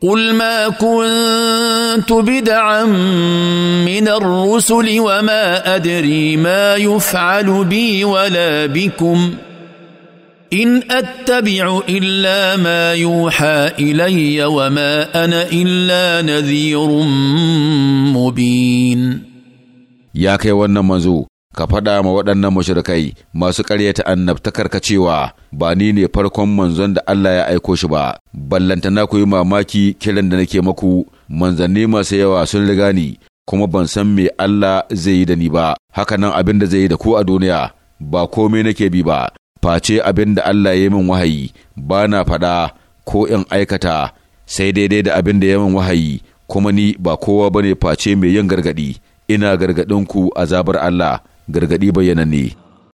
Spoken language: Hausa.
قل ما كنت بدعا من الرسل وما ادري ما يفعل بي ولا بكم ان اتبع الا ما يوحى الي وما انا الا نذير مبين يا كي ونمزو ka faɗa ma waɗannan mashirkai masu ƙaryata annabtakar ka cewa ba ni ne farkon manzon da Allah ya aiko shi ba na ku yi mamaki kiran da nake maku manzanni masu yawa sun riga ni kuma ban san me Allah zai yi da ni ba haka nan abin da zai yi da ku a duniya ba komai nake bi ba face abin da Allah ya yi min wahayi ba na faɗa ko in aikata sai daidai da abin da ya min wahayi kuma ni ba kowa bane face mai yin gargaɗi ina a azabar Allah gargaɗi bayyana ne